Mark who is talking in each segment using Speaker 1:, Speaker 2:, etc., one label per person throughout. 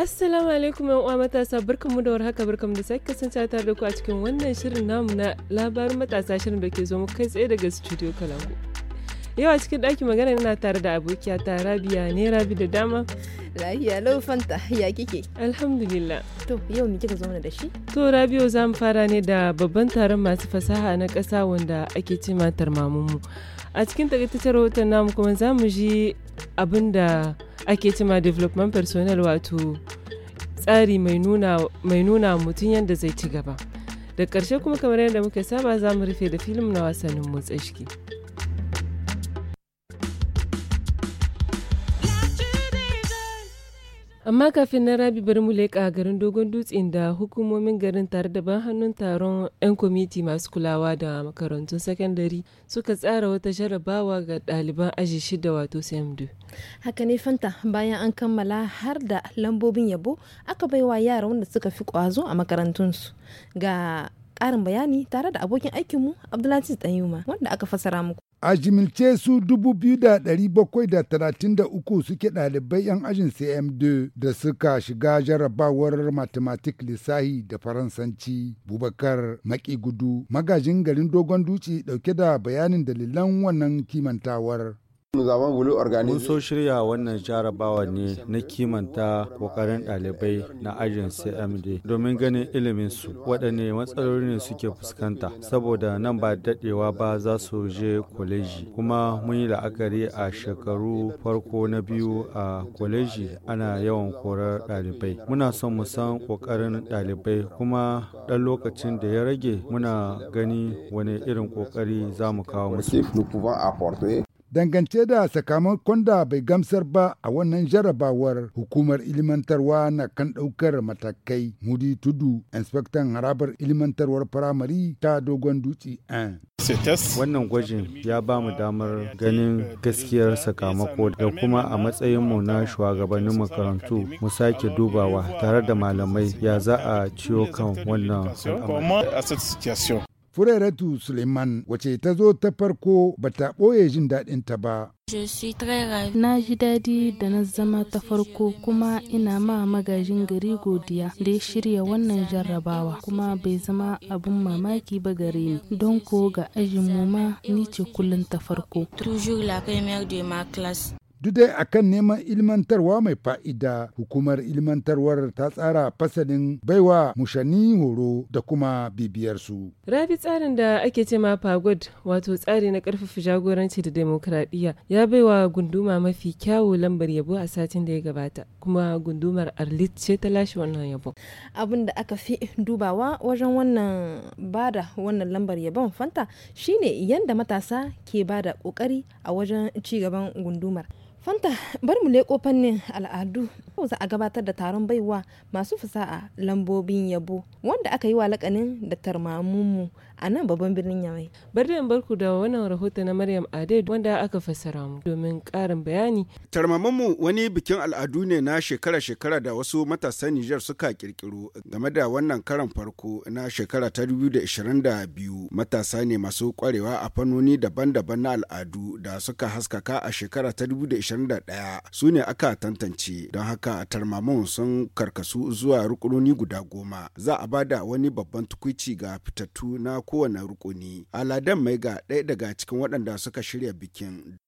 Speaker 1: Assalamu alaikum uwa matasa barkanmu da warhaka barkanmu da sake kasance tare da ku a cikin wannan shirin namu na labarin matasa shirin da ke zo muku kai tsaye daga studio Kalangu. Yau a cikin ɗakin magana ina tare da abokiya ta Rabia ne Rabi da dama. Lahiya lau fanta ya kike. Alhamdulillah. To yau mu kika zauna da shi? To Rabiu za mu fara ne da babban taron masu fasaha na ƙasa wanda ake ce matar mamunmu. A cikin takaitaccen rahoton namu kuma za mu ji abin da ake cima development personnel wato tsari mai nuna mutum yadda zai ci gaba da ƙarshe kuma kamar yadda muka saba za mu rufe da filim na wasannin motsa shi. amma kafin na rabi bari mu leƙa garin dogon dutsen da hukumomin garin tare da ban hannun taron 'yan kwamiti masu kulawa da makarantun sakandare suka tsara wata jarabawa ga ɗaliban aji shida wato samdu
Speaker 2: haka ne fanta bayan an kammala har da lambobin yabo aka baiwa yara wanda suka fi ƙwazo a makarantunsu ga ƙarin bayani tare da abokin aikinmu abdulaziz ɗanyuma wanda aka fasara muku
Speaker 3: A jimilce su 2,733 suke ɗalibai 'yan ajin CM2 da suka shiga jarabawar matematik, Lissahi da Faransanci. Bubakar Maki Gudu, magajin garin Dogon Duci ɗauke da bayanin dalilan wannan kimantawar.
Speaker 4: Mun so shirya wannan jarabawa ne na kimanta kokarin ɗalibai na ajin CMD domin ganin ilimin su waɗanne matsaloli ne suke fuskanta saboda nan ba daɗewa ba za su je kwaleji kuma mun yi la'akari a shekaru farko na biyu a kwaleji ana yawan korar ɗalibai. Muna son mu san kokarin ɗalibai kuma ɗan lokacin da ya rage muna gani wani irin kokari za mu kawo musu.
Speaker 3: dangance da sakamakon da bai gamsar ba a wannan jarabawar hukumar ilimantarwa na kan ɗaukar matakai mudi tudu inspektan harabar ilimantarwar firamare ta dogon dutse
Speaker 4: wannan gwajin ya ba mu damar ganin gaskiyar sakamako da kuma a matsayin mu na shugabannin makarantu mu sake dubawa tare da malamai ya za a ciyo kan wannan
Speaker 3: Fureratu Suleiman wace ta zo ta farko ba ta ɓoye jin daɗin ta ba
Speaker 2: Na ji daɗi da na zama ta farko kuma ina ma magajin gari godiya da ya shirya wannan jarrabawa kuma bai zama abun mamaki ba gare ni don ko ga ajin ma ni ce kullum ta farko.
Speaker 3: Duk dai akan neman ilmantarwa mai fa'ida, hukumar ilmantarwar ta tsara fasalin baiwa mushani horo da kuma bibiyarsu.
Speaker 1: Rabi tsarin da ake ce ma pagod wato tsari na karfafa jagoranci da demokradiyya ya baiwa gunduma mafi kyawu lambar yabo a satin da ya gabata kuma gundumar Arlit ce ta lashe wannan yabo.
Speaker 2: Abin da aka fi dubawa wajen wannan bada wannan lambar yabon fanta shine yanda matasa ke bada kokari a wajen ci gaban gundumar. Fanta bar mu leƙo fannin al'adu yau za a gabatar da taron baiwa masu fasa'a lambobin yabo wanda aka yi wa lakanin da tarmamunmu a nan
Speaker 1: babban birnin yamai. Bar da barku da wannan rahoto na Maryam Ade wanda aka fassara mu domin karin bayani.
Speaker 5: Tarmamunmu wani bikin al'adu ne na shekara-shekara da wasu matasan Nijar suka kirkiro game da wannan karan farko na shekara ta biyu matasa ne masu kwarewa a fannoni daban-daban na al'adu da suka haskaka a shekara ta 2022 21 su ne aka tantance don haka tarmamun sun karkasu zuwa rukunoni guda goma za a bada wani babban tukwici ga fitattu na kowane rukuni al'aden mai ga ɗaya daga cikin waɗanda suka shirya bikin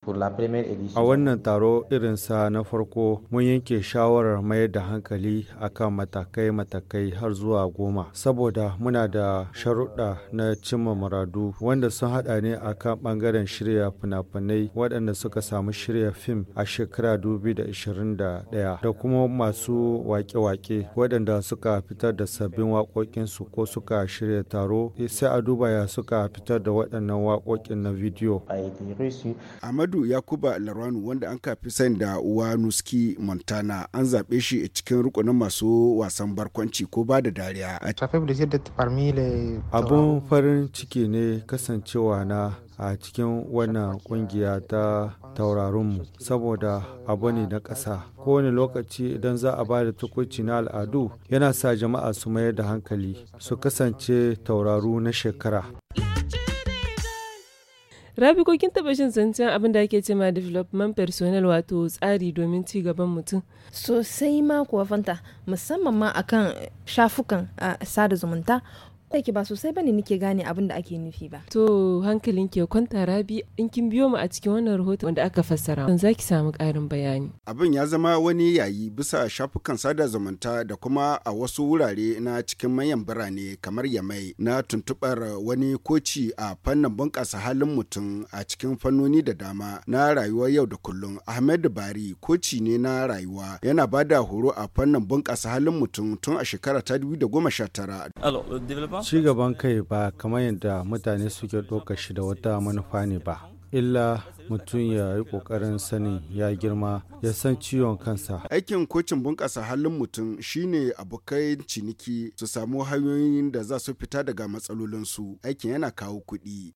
Speaker 4: A wannan taro irinsa na farko mun yanke shawarar mayar da hankali akan matakai-matakai har zuwa goma, saboda muna da sharuɗa na cimma muradu wanda sun haɗa ne a kan ɓangaren shirya fina-finai waɗanda suka samu shirya fim a shekara 2021 da kuma masu wake-wake waɗanda suka fitar da sabbin waƙoƙinsu ko suka shirya taro sai a duba ya suka fitar da waɗannan waƙoƙin na bidiyo.
Speaker 5: ya Yakuba Larwanu wanda an kafi sani da uwa Nuski Montana an zaɓe shi a cikin rukunin masu wasan barkwanci ko ba da dariya. Abun
Speaker 4: farin ciki ne kasancewa na a cikin wannan kungiya ta taurarinmu saboda abu ne na ƙasa kowane lokaci idan za a ba da na al'adu yana sa jama'a su mayar da hankali su kasance tauraru na shekara
Speaker 1: Rabi ko kin taba shin zancen abin da ake cema development personnel wato tsari domin ci gaban mutum? Sosai ma kuwa fanta musamman
Speaker 2: ma akan shafukan a ah, sada zumunta Take ba sosai bane nike gane abin da ake nufi
Speaker 1: ba. To hankalin ke kwanta rabi in kin biyo mu a cikin wannan rahoton wanda aka fassara. Zan zaki samu karin bayani.
Speaker 5: Abin ya zama wani yayi bisa shafukan sada zumunta da kuma a wasu wurare na cikin manyan birane kamar Yamai na tuntubar wani koci a fannin bunƙasa halin mutum a cikin fannoni da dama na rayuwar yau da kullum. Ahmed Bari koci ne na rayuwa yana bada horo a fannin bunƙasa halin mutum tun a shekara ta 2019.
Speaker 4: Ci gaban kai ba kamar yadda mutane suke ɗaukashi shi da wata manufa ne ba, illa mutum ya yi ƙoƙarin sanin ya girma ya san ciwon kansa.
Speaker 5: Aikin kocin bunƙasa halin mutum shine abokai ciniki su samu hanyoyin da za su fita daga matsalolinsu. Aikin yana
Speaker 4: kawo kuɗi.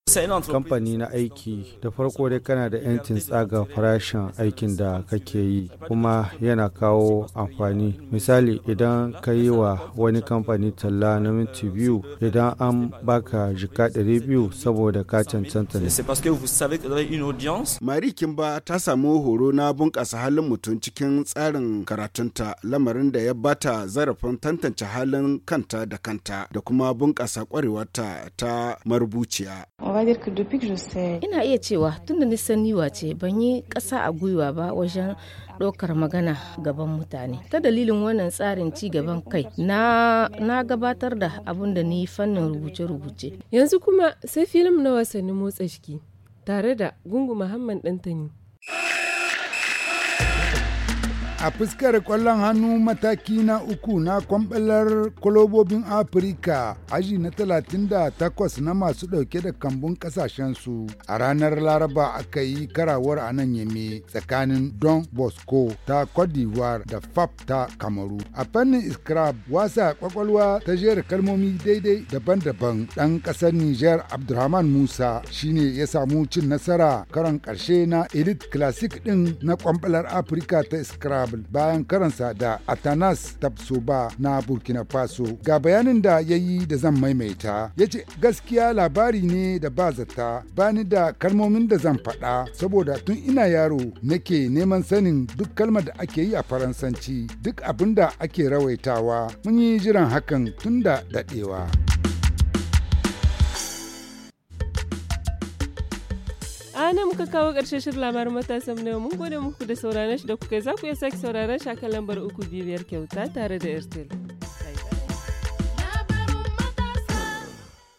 Speaker 4: Kamfani na aiki da farko dai kana da 'yancin tsaga farashin aikin da kake yi kuma yana kawo amfani. Misali idan ka yi wa wani kamfani talla na minti biyu idan an baka jika ɗari biyu saboda ka cancanta ne.
Speaker 5: Excellence. Marie Kimba ta samu horo na bunƙasa halin mutum cikin tsarin karatunta lamarin da ya bata zarafin tantance halin kanta da kanta da kuma bunƙasa ƙwarewarta ta marubuciya.
Speaker 2: Ina iya cewa tun da nisan niwa ce ban yi ƙasa a gwiwa ba wajen ɗaukar magana gaban mutane. Ta dalilin wannan tsarin ci gaban
Speaker 1: kai na, gabatar da abin da ni fannin rubuce-rubuce. Yanzu kuma sai filim na wasannin motsa jiki. tare da Gungu Muhammad Dantani.
Speaker 3: a fuskar kwallon hannu mataki na uku na kwambalar kwalobobin afirka aji na 38 na masu dauke da kambun su, a ranar laraba aka yi karawar a nan yame tsakanin don bosco ta cote da fab ta kamaru a fannin scrap wasa kwakwalwa ta jera kalmomi daidai daban-daban ɗan ƙasar niger abdulrahman musa shine ya samu cin nasara karon ƙarshe na elite classic din na kwambalar afirka ta scrap Kabul bayan karansa da Atanas Tapsoba na Burkina Faso. Ga bayanin da ya yi da zan maimaita, ya ce gaskiya labari ne da ba zata bani da kalmomin da zan faɗa saboda tun ina yaro nake neman sanin duk kalmar da ake yi a Faransanci duk abin da ake rawaitawa mun yi jiran hakan tun da daɗewa.
Speaker 1: a nan muka kawo ƙarshen shirin labarin matasa na mun gode muku da sauraron shi da kuka za ku iya sake sauraron shi a lambar uku biyar kyauta tare da airtel